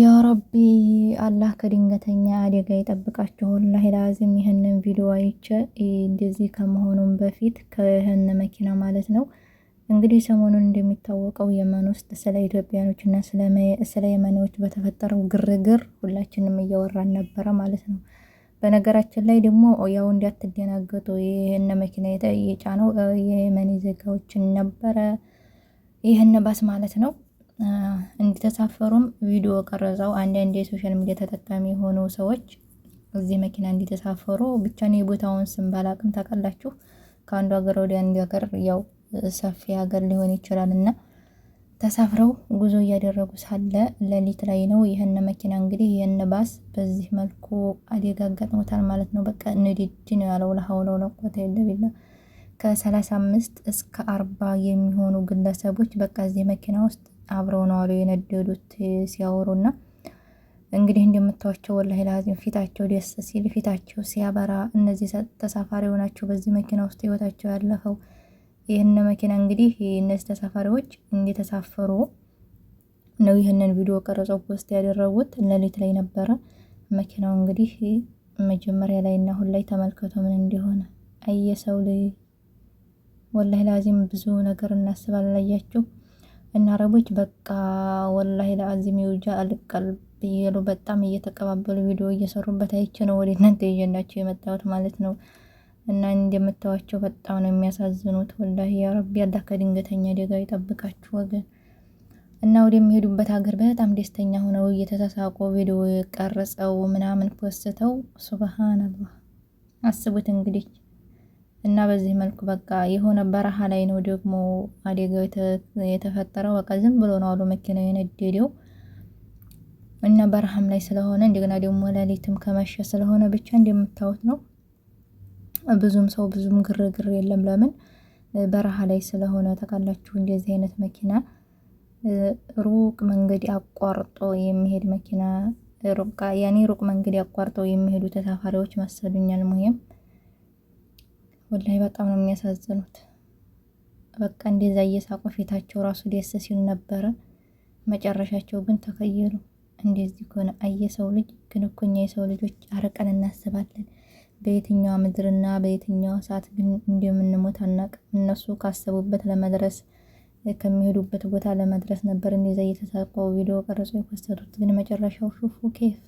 ያ ረቢ አላህ ከድንገተኛ አደጋ ይጠብቃችሁ። ወላሂ ለአዚም ይህንን ቪዲዮ አይቼ እንደዚህ ከመሆኑም በፊት ከህን መኪና ማለት ነው እንግዲህ ሰሞኑን እንደሚታወቀው የመን ውስጥ ስለ ኢትዮጵያኖች እና ስለ የመኔዎች በተፈጠረው ግርግር ሁላችንም እያወራን ነበረ ማለት ነው። በነገራችን ላይ ደግሞ ያው እንዳትደናገጡ ይህን መኪና የጫነው የመኔ ዜጋዎችን ነበረ ይህን ባስ ማለት ነው። እንዲተሳፈሩም ቪዲዮ ቀረጸው አንዳንድ የሶሻል ሚዲያ ተጠቃሚ የሆኑ ሰዎች እዚህ መኪና እንዲተሳፈሩ ብቻ ነው የቦታውን ስም ባላቅም ታውቃላችሁ። ከአንዱ ሀገር ወደ አንድ ሀገር ያው ሰፊ ሀገር ሊሆን ይችላል እና ተሳፍረው ጉዞ እያደረጉ ሳለ ሌሊት ላይ ነው ይህን መኪና እንግዲህ ይህን ባስ በዚህ መልኩ አደጋ አጋጥሞታል ማለት ነው። በቃ ንድድ ነው ያለው። ለሀውለው ለቆተ የለብላ ከ35 እስከ 40 የሚሆኑ ግለሰቦች በቃ እዚህ መኪና ውስጥ አብረው ነው አሉ የነደዱት ሲያወሩና እንግዲህ እንደምታዋቸው ወላሂ ላዚም ፊታቸው ደስ ሲል ፊታቸው ሲያበራ፣ እነዚህ ተሳፋሪ ናቸው በዚህ መኪና ውስጥ ህይወታቸው ያለፈው። ይህን መኪና እንግዲህ እነዚህ ተሳፋሪዎች እንደተሳፈሩ ነው ይህንን ቪዲዮ ቀረጸው ፖስት ያደረጉት ሌሊት ላይ ነበረ። መኪናው እንግዲህ መጀመሪያ ላይ እና አሁን ላይ ተመልከቶ ምን እንደሆነ አየሰው ልጅ ወላሂ ለአዚም ብዙ ነገር እናስባለን። ላያችሁ እና አረቦች በቃ ወላሂ ለአዚም የውጃ አልቀልብ እያሉ በጣም እየተቀባበሉ ቪዲዮ እየሰሩበት አይቼ ነው ወደ እናንተ ይዤላችሁ የመጣሁት ማለት ነው። እና እንደምታዋቸው በጣም ነው የሚያሳዝኑት። ወላሂ ያ አላህ ከድንገተኛ አደጋ ይጠብቃችሁ ወገን። እና ወደሚሄዱበት ሀገር በጣም ደስተኛ ሆነው እየተሳሳቁ ቪዲዮ ቀርጸው ምናምን ፖስተው ሱብሃን አስቡት እንግዲህ እና በዚህ መልኩ በቃ የሆነ በረሃ ላይ ነው ደግሞ አደጋው የተፈጠረው። በቃ ዝም ብሎ ነው አሉ መኪና የነደደው። እና በረሃም ላይ ስለሆነ እንደገና ደግሞ ሌሊትም ከመሸ ስለሆነ ብቻ እንደምታዩት ነው። ብዙም ሰው ብዙም ግርግር የለም። ለምን በረሃ ላይ ስለሆነ ታውቃላችሁ። እንደዚህ አይነት መኪና ሩቅ መንገድ አቋርጦ የሚሄድ መኪና ሩቅ ያኔ ሩቅ መንገድ አቋርጦ የሚሄዱ ተሳፋሪዎች መሰሉኛል ሙሄም ወላይ በጣም ነው የሚያሳዝኑት። በቃ እንደዛ እየሳቁ ፊታቸው ራሱ ደስ ሲል ነበረ። መጨረሻቸው ግን ተከየሉ። እንደዚህ ከሆነ አየ ሰው ልጅ ግን እኮ እኛ የሰው ልጆች አርቀን እናስባለን። በየትኛዋ ምድርና በየትኛዋ ሰዓት ግን እንደምንሞት አናቅ። እነሱ ካሰቡበት ለመድረስ ከሚሄዱበት ቦታ ለመድረስ ነበር እንደዛ እየተሳቀው ቪዲዮ ቀርጾ የኮሰቱት። ግን መጨረሻው ሹፉ ኬፍ